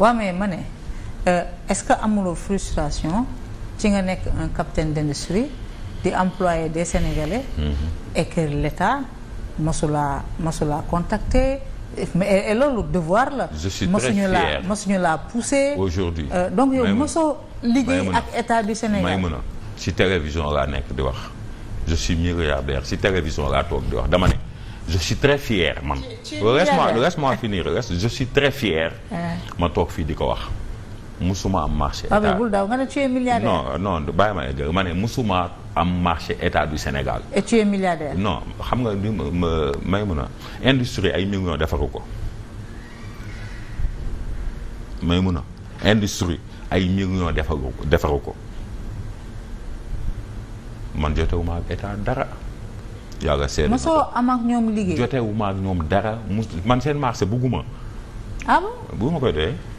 waa mais ma ne euh, est-ce que amuloo frustration ci nga nekk un capitaine d'industrie di employé des Sénégalais. Mhm. et que l'État mosulaa mosulaa contacté mais et loolu devoir la. je suis très fier mosuñu laa mosuñu laa poussé. aujourd'hui euh, donc yow mosoo. liggéey ak État du Sénégal may mën a. si télévision laa nekk di wax je suis milliardaire si télévision laa toog di wax dama ne. je suis très fier man. laisse-moi finir reste je suis très fier. ma toog fii di ko wax. musuma am marché état Pape bul bàyyi ma ne ma ne musuma am marché état du Sénégal. et xam nga ni ma may mun a industrie ay millions defaru ko may mun a industrie ay millions defaru ko defaru ko man jotewuma ak état dara. yaa nga seetlu mosoo am ak ñoom liggéey jotewu ma ak ñoom dara mu man seen marché bugguma. ah bon bu ma koy doyee.